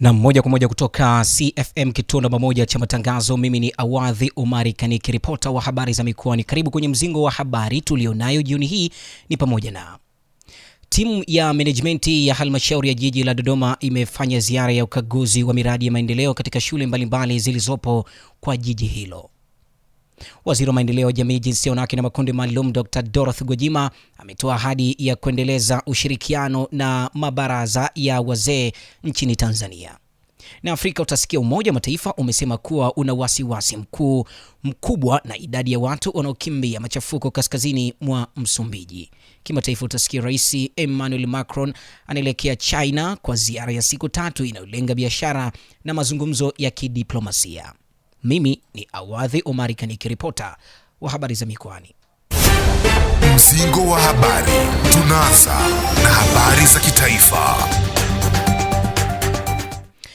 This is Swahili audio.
Na moja kwa moja kutoka CFM kituo namba moja cha matangazo. Mimi ni Awadhi Omari Kaniki, ripota wa habari za mikoani. Karibu kwenye mzingo wa habari tulionayo jioni hii, ni pamoja na timu ya menejimenti ya halmashauri ya jiji la Dodoma imefanya ziara ya ukaguzi wa miradi ya maendeleo katika shule mbalimbali zilizopo kwa jiji hilo. Waziri wa maendeleo ya jamii, jinsia, wanawake na makundi maalum, Dr. Dorothy Gwajima ametoa ahadi ya kuendeleza ushirikiano na mabaraza ya wazee nchini Tanzania na Afrika. Utasikia Umoja wa Mataifa umesema kuwa una wasiwasi mkuu mkubwa na idadi ya watu wanaokimbia machafuko kaskazini mwa Msumbiji. Kimataifa utasikia Rais Emmanuel Macron anaelekea China kwa ziara ya siku tatu inayolenga biashara na mazungumzo ya kidiplomasia. Mimi ni Awadhi kaniki ripota wa habari za mikoani. Mzingo wa habari tunaanza na habari za kitaifa.